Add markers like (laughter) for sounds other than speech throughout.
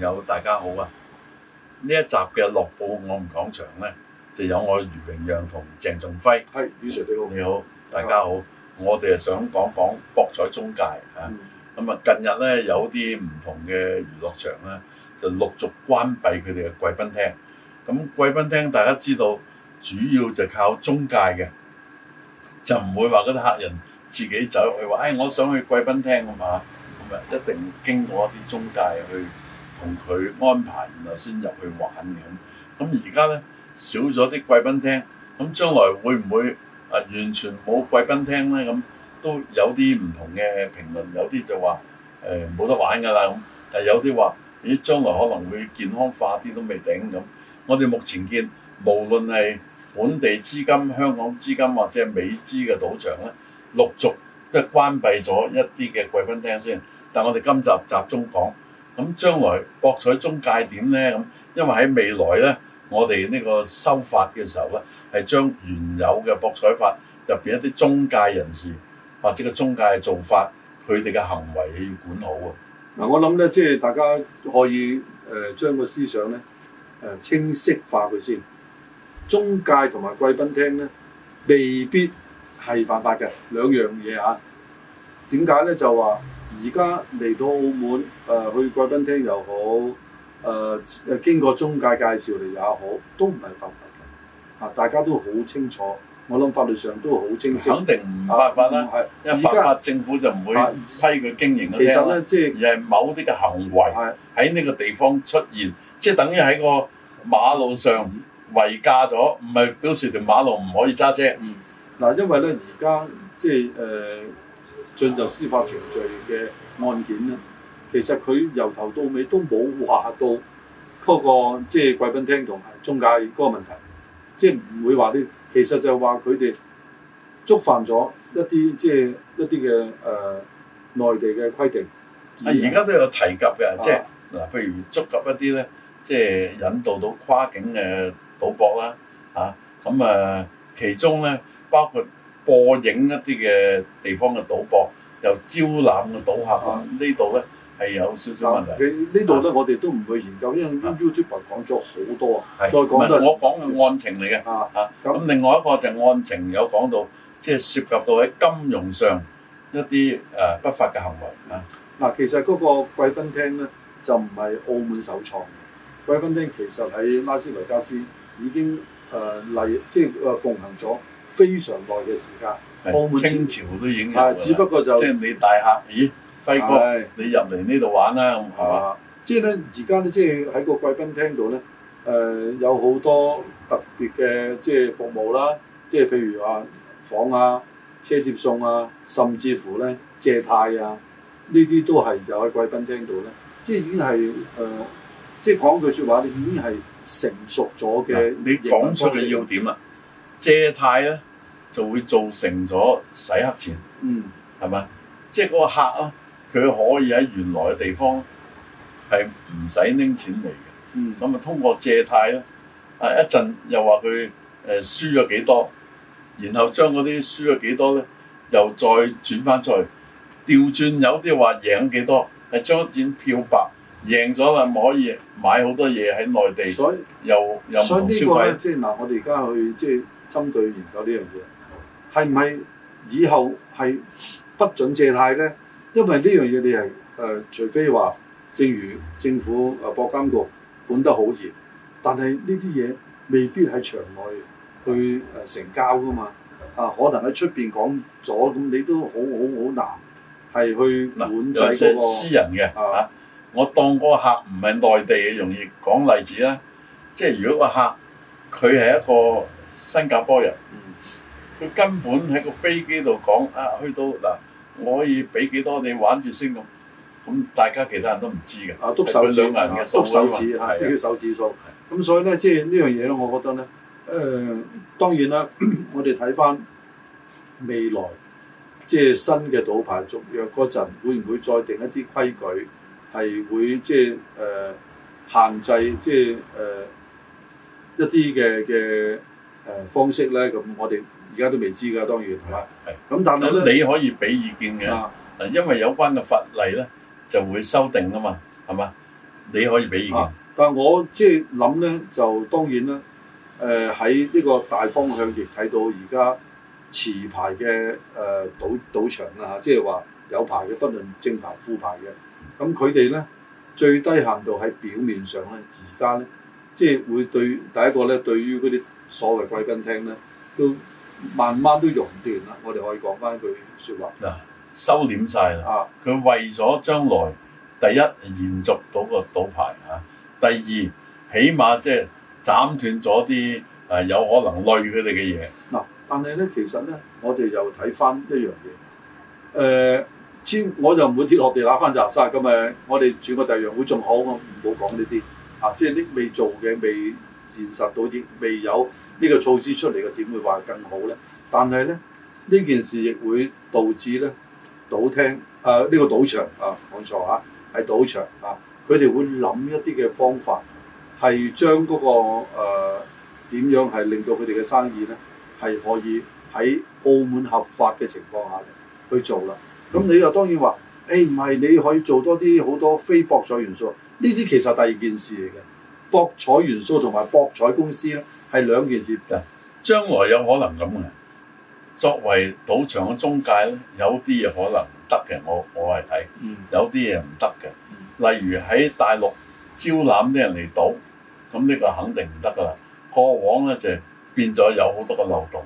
有大家好啊！呢一集嘅《樂報我唔講場》咧，就有我余榮陽同鄭仲輝。係，余叔你好。你好，大家好。 (noise) 我哋係想講講博彩中介啊。咁 (noise) 啊，近日咧有啲唔同嘅娛樂場咧，就陸續關閉佢哋嘅貴賓廳。咁貴賓廳大家知道，主要就靠中介嘅，就唔會話嗰啲客人自己走入去話，哎，我想去貴賓廳啊嘛。咁啊，一定經過一啲中介去。同佢安排，然後先入去玩咁。咁而家呢，少咗啲貴賓廳，咁將來會唔會啊完全冇貴賓廳呢？咁都有啲唔同嘅評論，有啲就話誒冇得玩㗎啦咁，但係有啲話咦將來可能會健康化啲都未定咁。我哋目前見無論係本地資金、香港資金或者美資嘅賭場呢，陸續即係關閉咗一啲嘅貴賓廳先。但係我哋今集集中講。咁將來博彩中介點呢？咁因為喺未來呢，我哋呢個修法嘅時候呢，係將原有嘅博彩法入邊一啲中介人士或者個中介嘅做法，佢哋嘅行為要管好啊。嗱，我諗呢，即係大家可以誒將個思想呢清晰化佢先。中介同埋貴賓廳呢，未必係犯法嘅兩樣嘢啊。點解呢？就話。而家嚟到澳門，誒、呃、去貴賓廳又好，誒、呃、誒經過中介介紹嚟也好，都唔係犯法嘅。啊，大家都好清楚，我諗法律上都好清晰。肯定唔犯法啦、啊，一犯、啊、法在政府就唔會批佢經營。其實咧，即係係某啲嘅行為喺呢個地方出現，即係是等於喺個馬路上違架咗，唔係表示條馬路唔可以揸車。嗱、嗯，因為咧而家即係誒。呃進入司法程序嘅案件咧，其實佢由頭到尾都冇話到嗰、那個即係、就是、貴賓廳同埋中介嗰個問題，即係唔會話啲。其實就係話佢哋觸犯咗一啲即係一啲嘅誒內地嘅規定。而家都有提及嘅，即係嗱，譬、就是、如觸及一啲咧，即、就、係、是、引導到跨境嘅賭博啦，嚇咁啊、呃，其中咧包括。播影一啲嘅地方嘅賭博，又招攬嘅賭客啊！呢度咧係有少少問題。佢呢度咧，我哋都唔會研究，因為 YouTube 講咗好多啊。係，再講多啲，我講案情嚟嘅。啊啊。咁另外一個就案情、啊、有講到，即係涉及到喺金融上一啲誒不法嘅行為啊。嗱，其實嗰個貴賓廳咧就唔係澳門首創嘅。貴賓廳其實喺拉斯維加斯已經誒例，即係誒奉行咗。非常耐嘅時間，澳門清朝都已經有。係，只不過就即係你大客，咦，輝哥，啊、你入嚟呢度玩啦，咁係嘛？即係咧，而家咧，即係喺個貴賓廳度咧，誒、呃、有好多特別嘅、呃、即係服務啦，即係譬如話房啊、車接送啊，甚至乎咧借貸啊，呢啲都係就喺貴賓廳度咧，即係已經係誒、呃，即係講句説話，你已經係成熟咗嘅、嗯。你講出嘅要點啦，借貸咧、啊。就會造成咗洗黑錢，嗯，係嘛？即係個客啊，佢可以喺原來嘅地方係唔使拎錢嚟嘅，嗯，咁啊通過借貸咯，啊一陣又話佢誒輸咗幾多，然後將嗰啲輸咗幾多咧，又再轉翻出去，調轉有啲話贏幾多，係將錢漂白，贏咗啦，可以買好多嘢喺內地，所以又又唔同消費。即係嗱，我哋而家去即係針對研究呢樣嘢。係唔係以後係不准借貸咧？因為呢樣嘢你係誒、呃，除非話正如政府誒、啊、博監局管得好嚴，但係呢啲嘢未必喺場內去誒成交㗎嘛。啊，可能喺出邊講咗，咁你都好好好難係去管住、嗰個、啊、個私人嘅嚇。啊、我當個客唔係內地嘅，容易講例子啦。即係如果個客佢係一個新加坡人。佢根本喺個飛機度講啊，去到嗱我可以俾幾多你玩住先咁，咁大家其他人都唔知嘅。啊，篤手指啊，篤手指，即係叫手指數。咁所以咧，即係呢樣嘢咧，我覺得咧，誒當然啦，我哋睇返未來即係新嘅賭牌續約嗰陣，會唔會再定一啲規矩，係會即係誒限制即係誒一啲嘅嘅誒方式咧？咁我哋。而家都未知㗎，當然係嘛？係咁，但係咧，你可以俾意見嘅。因為有關嘅法例咧就會修訂㗎嘛，係嘛？你可以俾意見。但係我即係諗咧，就當然啦。誒、呃，喺呢個大方向亦睇到而家持牌嘅誒、呃、賭賭場啦嚇，即係話有牌嘅，不論正牌副牌嘅。咁佢哋咧最低限度喺表面上咧，而家咧即係會對第一個咧，對於嗰啲所謂貴賓廳咧都。慢慢都融唔斷啦，我哋可以講翻句説話。嗱、啊，收斂晒啦。啊，佢為咗將來，第一延續到個賭牌嚇、啊，第二起碼即係斬斷咗啲誒有可能累佢哋嘅嘢。嗱、啊，但係咧其實咧，我哋又睇翻一樣嘢。誒、呃，千我就唔會跌落地攞翻拃沙。噶嘛。我哋轉個第二樣會仲好。唔好講呢啲啊，即係啲未做嘅未。現實到點未有呢個措施出嚟嘅，點會話更好咧？但係咧，呢件事亦會導致咧，賭廳誒呢、呃呢個賭場啊，講錯啊，係賭場啊，佢哋會諗一啲嘅方法係將嗰、嗰個誒點、呃、樣係令到佢哋嘅生意咧係可以喺澳門合法嘅情況下去做啦。咁你又當然話誒唔係你可以做多啲好多非博彩元素，呢啲其實第二件事嚟嘅。博彩元素同埋博彩公司咧，係兩件事噶。將來有可能咁嘅。作為賭場嘅中介咧，有啲嘢可能唔得嘅，我我係睇。有啲嘢唔得嘅，例如喺大陸招攬啲人嚟賭，咁呢個肯定唔得噶啦。過往咧就變咗有好多嘅漏洞。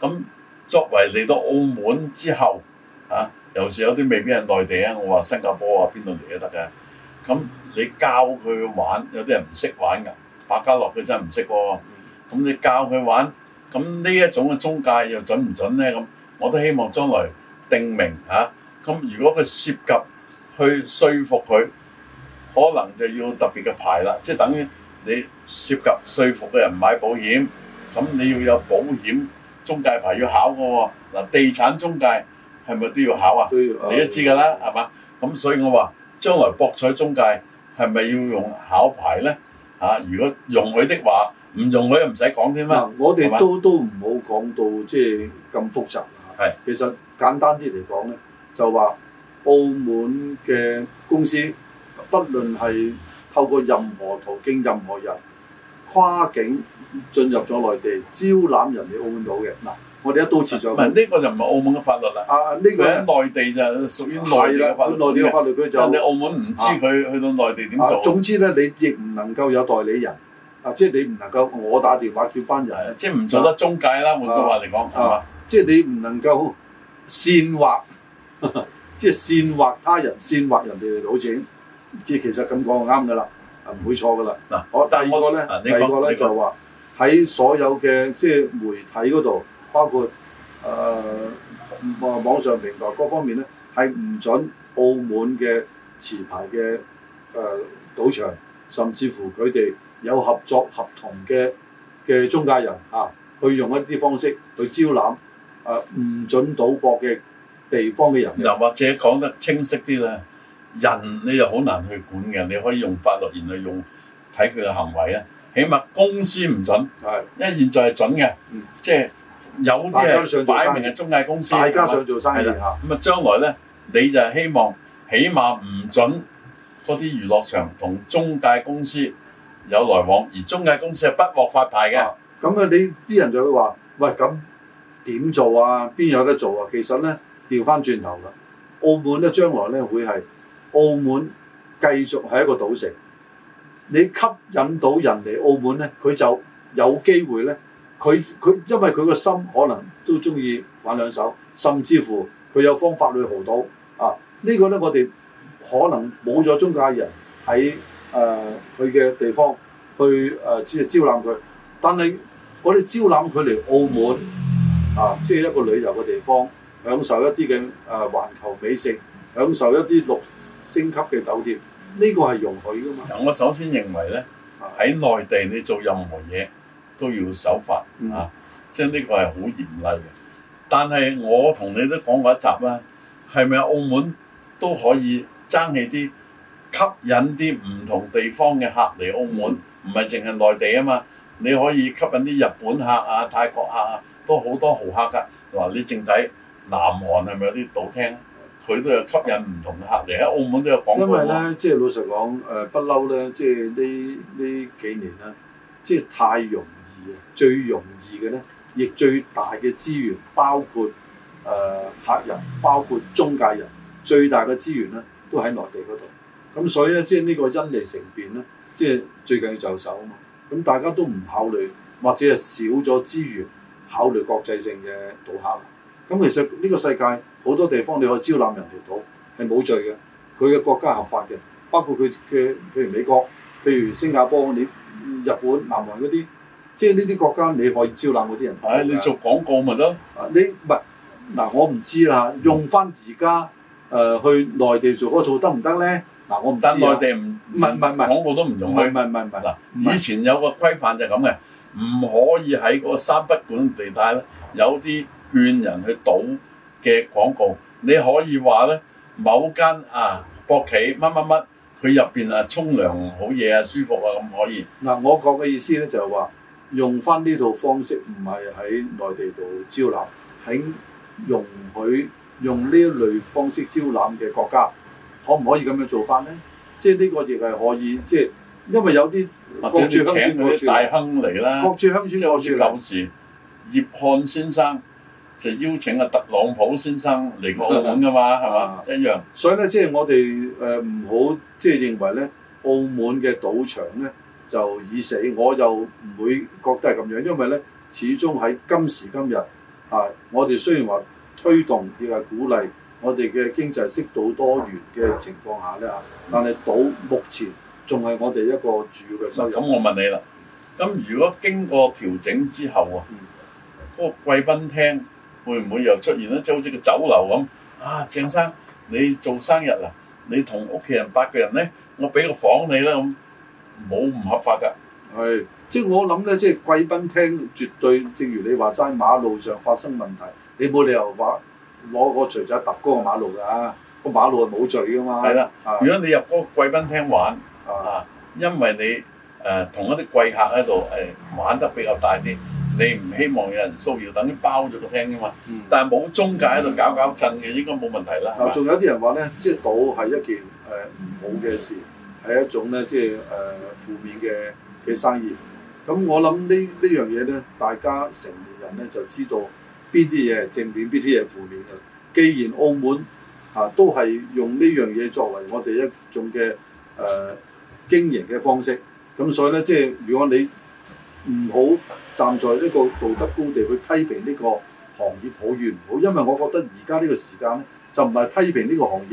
咁作為嚟到澳門之後，啊，尤其有時有啲未必係內地啊，我話新加坡啊，邊度嚟都得嘅。咁你教佢玩，有啲人唔識玩㗎，百家樂佢真係唔識喎。咁你教佢玩，咁呢一種嘅中介又準唔準咧？咁我都希望將來定明吓。咁、啊、如果佢涉及去說服佢，可能就要特別嘅牌啦。即、就、係、是、等於你涉及說服嘅人買保險，咁你要有保險中介牌要考㗎喎。嗱、啊，地產中介係咪都要考啊？都要考，你都知㗎啦，係嘛？咁所以我話。將來博彩中介係咪要用考牌呢？嚇、啊，如果用佢嘅話，唔用佢又唔使講添啦。我哋都吧都唔好講到即係咁複雜嚇。啊、是其實簡單啲嚟講呢就話澳門嘅公司，不論係透過任何途徑、任何人跨境進入咗內地，嗯、招攬人哋澳門島嘅嗱。啊我哋一刀切咗。呢個就唔係澳門嘅法律啦。啊，呢個喺內地就屬於內地嘅法律。內地嘅法律佢就，但你澳門唔知佢去到內地點做。總之咧，你亦唔能夠有代理人。啊，即係你唔能夠我打電話叫班人，即係唔做得中介啦。換句話嚟講，啊，即係你唔能夠煽惑，即係煽惑他人，煽惑人哋嚟攞錢。即係其實咁講就啱㗎啦，啊唔會錯㗎啦。嗱，好第二個咧，第二個咧就話喺所有嘅即係媒體嗰度。包括誒誒、呃、網上平台各方面咧，係唔準澳門嘅持牌嘅誒、呃、賭場，甚至乎佢哋有合作合同嘅嘅中介人嚇、啊，去用一啲方式去招攬誒唔、啊、準賭博嘅地方嘅人。又或者講得清晰啲咧，人你又好難去管嘅，你可以用法律嚟用睇佢嘅行為咧。起碼公司唔準，係的，因為現在係準嘅，嗯、即係。有啲係擺明係中介公司，大家想做生意嚇。咁啊，將來咧，你就係希望起碼唔準嗰啲娛樂場同中介公司有來往，而中介公司係不獲發牌嘅。咁啊，你啲人就會話：「喂，咁點做啊？邊有得做啊？其實咧，調翻轉頭啦，澳門咧，將來咧，會係澳門繼續係一個賭城。你吸引到人嚟澳門咧，佢就有機會咧。佢佢因為佢個心可能都中意玩兩手，甚至乎佢有方法去豪賭啊！呢個、呢個咧我哋可能冇咗中介人喺誒佢嘅地方去誒、呃、招攬佢，但係我哋招攬佢嚟澳門啊，即、就、係、是、一個旅遊嘅地方，享受一啲嘅誒環球美食，享受一啲六星級嘅酒店，呢、呢個係容許噶嘛？嗱，我首先認為咧喺內地你做任何嘢。都要守法嚇，即係呢個係好嚴厲嘅。但係我同你都講過一集啦，係咪澳門都可以爭氣啲吸引啲唔同地方嘅客嚟澳門，唔係淨係內地啊嘛？你可以吸引啲日本客啊、泰國客啊，都好多豪客噶。嗱，你淨睇南韓係咪有啲賭廳？佢都有吸引唔同嘅客嚟，喺澳門都有講過。因為咧，即係老實講，誒不嬲咧，即係呢呢幾年啦。即係太容易啊！最容易嘅咧，亦最大嘅資源，包括誒、呃、客人，包括中介人，最大嘅資源咧都喺內地嗰度。咁所以咧，即係呢個因利乘便咧，即係最緊要就手啊嘛。咁大家都唔考慮，或者係少咗資源，考慮國際性嘅賭客。咁其實呢個世界好多地方你可以招攬人哋賭，係冇罪嘅，佢嘅國家合法嘅。包括佢嘅，譬如美國，譬如新加坡，你日本、南韓嗰啲，即係呢啲國家，你可以招攬嗰啲人。係你做廣告咪得？你唔嗱，我唔知啦。用返而家誒去內地做嗰套得唔得咧？嗱，我唔知啊。內地唔唔唔唔，廣告都唔用啊！唔唔唔唔嗱，以前有個規範就係咁嘅，唔可以喺個三不管地帶咧有啲勸人去賭嘅廣告。你可以話咧，某間啊博企乜乜乜。佢入邊啊，沖涼、嗯、好嘢啊，舒服啊，咁可以。嗱、啊，我講嘅意思咧就係話，用翻呢套方式，唔係喺內地度招攬，喺容許用呢一類方式招攬嘅國家，可唔可以咁樣做翻咧？即係呢個亦係可以，即、就、係、是、因為有啲或者你請嗰啲大亨嚟啦，國柱鄉村、國柱舊時、葉漢先生。就邀請啊特朗普先生嚟過澳門㗎嘛，是是是。係嘛一樣。所以咧、呃，即係我哋誒唔好即係認為咧，澳門嘅賭場咧就已死，我又唔會覺得係咁樣，因為咧始終喺今時今日啊，我哋雖然話推動亦係鼓勵我哋嘅經濟適度多元嘅情況下咧啊，嗯、但係賭目前仲係我哋一個主要嘅收入。咁我問你啦，咁如果經過調整之後啊，嗰、mm hmm. 個貴賓廳？會唔會又出現咧？即係好似個酒樓咁啊！鄭生，你做生日啊？你同屋企人八個人咧，我俾個房你啦，咁，冇唔合法噶。係，即係我諗咧，即係貴賓廳絕對，正如你話齋馬路上發生問題，你冇理由話攞個錘仔揼高個馬路㗎。個馬路係冇罪㗎嘛。係啦，如果你入嗰個貴賓廳玩，啊，因為你誒同一啲貴客喺度誒玩得比較大啲。你唔希望有人騷擾，等於包咗個廳啫嘛。但係冇中介喺度搞搞震嘅，嗯、應該冇問題啦。仲、嗯、吧有啲人話咧，即、就、係、是、賭係一件誒唔好嘅事，係、嗯、一種咧即係誒負面嘅嘅生意。咁我諗呢呢樣嘢咧，大家成年人咧就知道邊啲嘢係正面，邊啲嘢係負面嘅。既然澳門下、啊、都係用呢樣嘢作為我哋一種嘅誒、呃、經營嘅方式，咁所以咧即係如果你唔好。站在呢個道德高地去批評呢個行業好與唔好，因為我覺得而家呢個時間咧就唔係批評呢個行業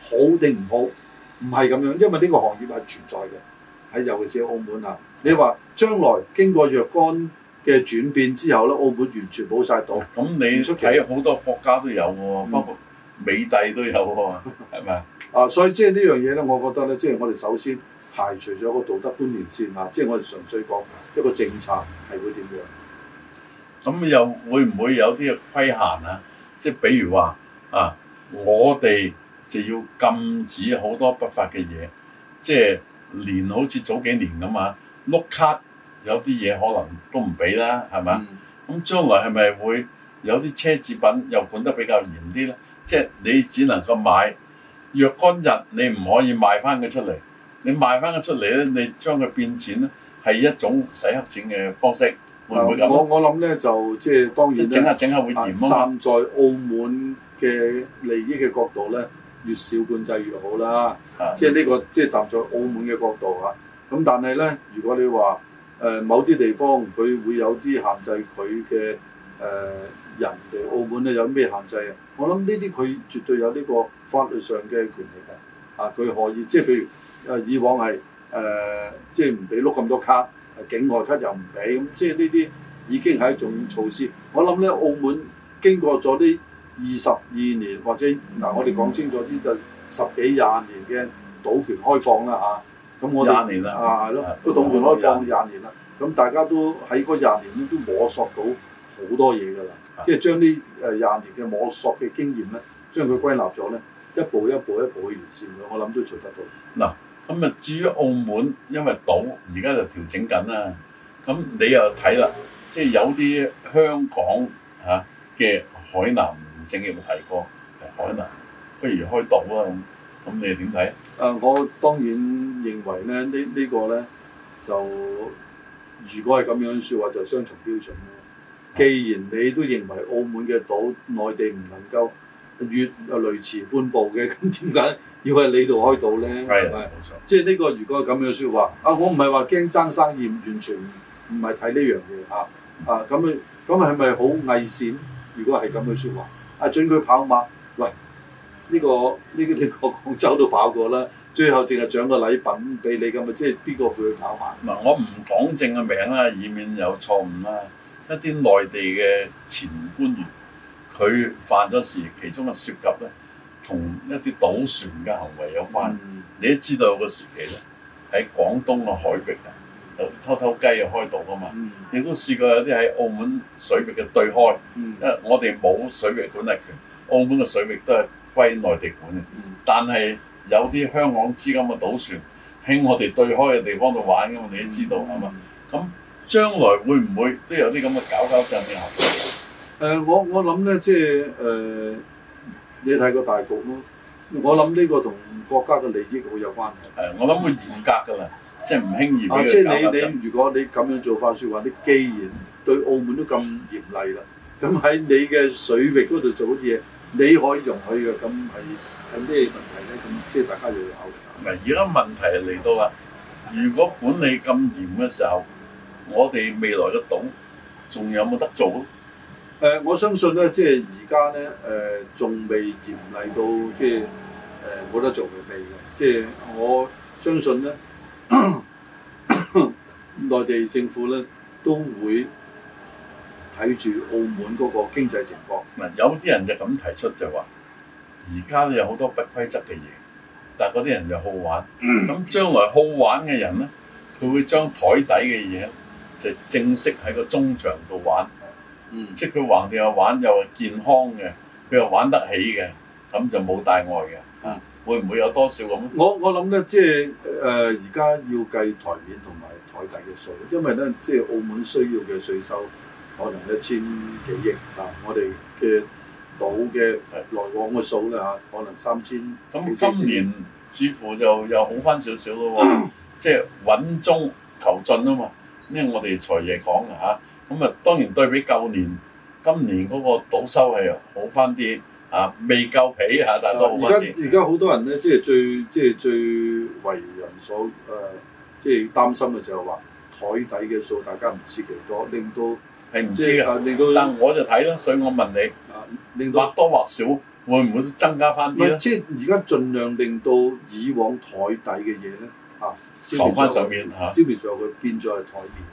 好定唔好，唔係咁樣，因為呢個行業係存在嘅，係尤其是澳門啊。你話將來經過若干嘅轉變之後咧，澳門完全冇晒賭，咁那你出奇好多國家都有喎、啊，包括美帝都有喎，係咪啊？啊，所以即係呢樣嘢咧，我覺得咧，即係我哋首先。排除咗個道德觀念先下，即係我哋純粹講一個政策係會點樣？咁又會唔會有啲規限啊？即係比如話啊，我哋就要禁止好多不法嘅嘢。即係連好似早幾年咁啊，碌卡有啲嘢可能都唔俾啦，係咪？咁將、嗯、來係咪會有啲奢侈品又管得比較嚴啲咧？即係你只能夠買，若干日你唔可以賣翻佢出嚟。你賣翻佢出嚟咧，你將佢變錢咧，係一種洗黑錢嘅方式，嗯、會唔會咁？我我諗咧就即係、就是、當然，即整下整下會嚴、啊啊、站在澳門嘅利益嘅角度咧，越少管制越好啦。即係呢個即係、就是、站在澳門嘅角度啊。咁但係咧，如果你話誒、呃、某啲地方佢會有啲限制佢嘅，誒人哋，澳門咧有咩限制啊？我諗呢啲佢絕對有呢個法律上嘅權利嘅。啊，佢可以即係譬如。誒以往係誒即係唔俾碌咁多卡，境外卡又唔俾，咁即係呢啲已經係一種措施。我諗咧，澳門經過咗呢二十二年或者嗱，我哋講清楚啲就十幾廿年嘅賭權開放啦嚇。咁我哋廿年啦，啊係咯，個賭權開放廿年啦。咁大家都喺嗰廿年已經摸索到好多嘢㗎啦。即係將呢誒廿年嘅摸索嘅經驗咧，將佢歸納咗咧，一步一步一步去完善佢，我諗都做得到。嗱。咁啊，至於澳門，因為島而家就調整緊啦。咁你又睇啦，即係有啲香港嚇嘅海南證有冇提過？海南不如開島囉啊！咁你點睇？誒，我當然認為咧，呢個、呢呢個咧就如果係咁樣説話，就雙重標準咯。既然你都認為澳門嘅島，內地唔能夠越啊雷池半步嘅，咁點解？要係你度開到咧，係咪？冇錯。即係呢個如果係咁樣説話，啊，我唔係話驚爭生意，完全唔唔係睇呢樣嘢嚇啊！咁咪咁係咪好危險？如果係咁樣説話，啊，準佢跑馬，喂，呢個呢個呢個廣州都跑過啦，最後淨係獎個禮品俾你咁啊！即係邊個會去跑馬？嗱，我唔講正嘅名啦，以免有錯誤啦。一啲內地嘅前官員，佢犯咗事，其中啊涉及咧。同一啲賭船嘅行為有關，嗯，你都知道個時期咧喺廣東嘅海域啊，有啲偷偷雞啊開賭噶嘛，亦、嗯、都試過有啲喺澳門水域嘅對開，嗯、因為我哋冇水域管轄權，澳門嘅水域都係歸內地管嘅，嗯、但係有啲香港資金嘅賭船喺我哋對開嘅地方度玩嘅嘛，你都知道係嘛？咁、嗯、將來會唔會都有啲咁嘅搞搞震嘅行為？嗯、我我諗咧，即係誒。呃你睇個大局咯，我諗呢個同國家嘅利益好有關嘅。我諗會嚴格㗎啦，即係唔輕易、啊。即係你你，如果你咁樣做法説話，你既然對澳門都咁嚴厲啦，咁喺你嘅水域嗰度做好啲嘢，你可以容許嘅，咁係有咩問題咧？咁即係大家要考慮。嗱，而家問題嚟到啦，如果管理咁嚴嘅時候，我哋未來嘅懂，仲有冇得做？誒，我相信咧，即係而家咧，誒，仲未嚴厲到即係誒冇得做嘅未嘅，即係我相信咧，內地政府咧都會睇住澳門嗰個經濟情況。嗱、嗯，有啲人就咁提出就話，而家有好多不規則嘅嘢，但係嗰啲人就好玩。咁、嗯嗯、將來好玩嘅人咧，佢會將台底嘅嘢就正式喺個中場度玩。嗯，即係佢橫掂又玩又健康嘅，佢又玩得起嘅，咁就冇大礙嘅。啊、嗯，會唔會有多少咁？我我諗咧，即係誒而家要計台面同埋台底嘅數，因為咧即係澳門需要嘅稅收可能一千幾億啊，我哋嘅賭嘅來往嘅數咧嚇，的可能三千。咁今年似乎就又好翻少少咯，即係穩中求進啊嘛，因為我哋財爺講啊嚇。咁啊，當然對比舊年，今年嗰個倒收係好翻啲啊，未夠皮嚇，但係都好翻啲。而家而家好多人咧，即係最即係最為人所誒、呃，即係擔心嘅就係話台底嘅數，大家唔知幾多，令到係唔知令到。但我就睇啦，所以我問你，令到或多或少會唔會增加翻啲？即係而家盡量令到以往台底嘅嘢咧嚇，浮翻上面嚇，消滅咗佢變咗係台面。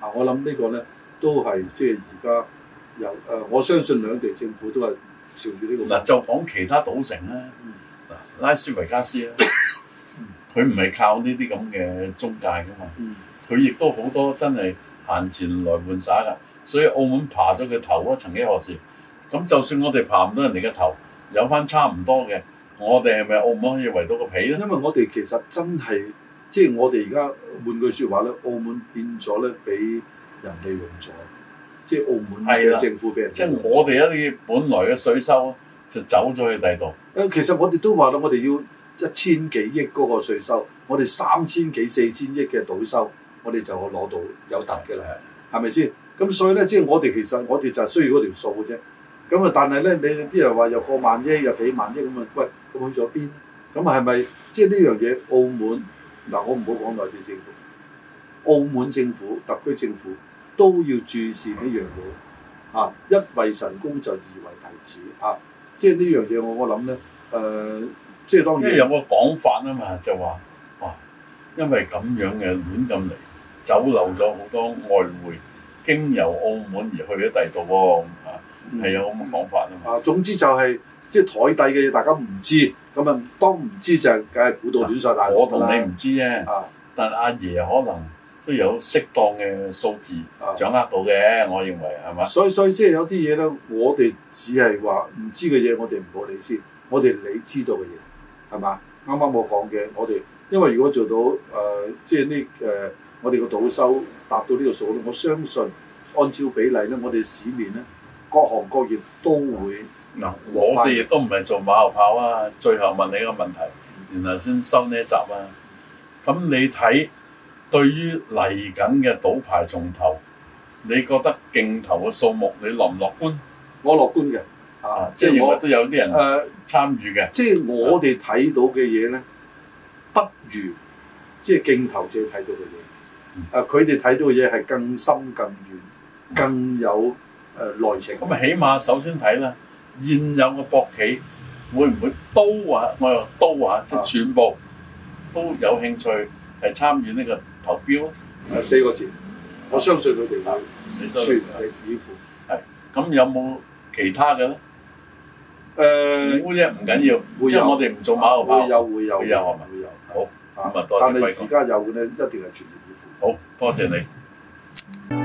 啊，啊啊啊我諗呢個咧。都係即係而家有誒，我相信兩地政府都係照住呢個。嗱，就講其他賭城啦、啊，嗱、嗯、拉斯維加斯咧、啊，佢唔係靠呢啲咁嘅中介噶嘛，佢亦都好多真係閒錢來換耍噶。所以澳門爬咗佢頭啊，曾幾何時？咁就算我哋爬唔到人哋嘅頭，有翻差唔多嘅，我哋係咪澳門可以圍到個皮咧？因為我哋其實真係即係我哋而家換句説話咧，澳門變咗咧比。人哋用咗，即係澳門嘅政府俾人用，即係我哋一啲本來嘅稅收就走咗去第度。誒，其實我哋都話啦，我哋要一千幾億嗰個稅收，我哋三千幾四千億嘅賭收，我哋就攞到有得嘅啦，係咪先？咁所以咧，即係我哋其實我哋就係需要嗰條數嘅啫。咁啊，但係咧，你啲人話又過萬億，又幾萬億咁啊，喂，咁去咗邊？咁係咪即係呢樣嘢？澳門嗱，我唔好講內地政府。澳門政府、特區政府都要注視呢樣嘢，嗯、啊一為神功就二為弟子，啊即係呢樣嘢我我諗咧，誒、呃、即係當然、啊。因為有個講法啊嘛，就話哇，因為咁樣嘅亂咁嚟走漏咗好多外匯的經由澳門而去咗第度喎，啊係有咁嘅講法啊嘛。啊、嗯、總之就係、是、即係台底嘅嘢，大家唔知咁啊，當唔知就梗係估到亂晒大。我同你唔知啫，啊，啊但阿爺可能。都有適當嘅數字、啊、掌握到嘅，我認為係嘛？所以所以即係有啲嘢咧，我哋只係話唔知嘅嘢，我哋唔好你先。我哋你知道嘅嘢係嘛？啱啱我講嘅，我哋因為如果做到誒、呃，即係呢誒，我哋個賭收達到呢個數咧，我相信按照比例咧，我哋市面咧，各行各，各業都會嗱、嗯，嗯、得我哋亦都唔係做馬後炮啊！最後問你一個問題，然後先收呢一集啊！咁你睇？對於嚟緊嘅賭牌重投，你覺得競投嘅數目你樂唔樂觀？我樂觀嘅，啊，即係我都有啲人誒參與嘅。即係、啊就是、我哋睇到嘅嘢咧，不如即係競投最睇到嘅嘢。嗯、啊，佢哋睇到嘅嘢係更深更遠、更遠、嗯、更有誒內、呃、情。咁啊，起碼首先睇啦，現有嘅博企會唔會都話，我又都話，即係全部都有興趣係參與呢個？投標，係四個字。我相信佢哋會全力以赴。有有呃、係，咁有冇其他嘅咧？誒，會咧唔緊要，會有，因為我哋唔做馬嘅馬，會有會有會有，好咁啊！對但係而家有嘅咧，一定係全力以赴。好，多謝你。嗯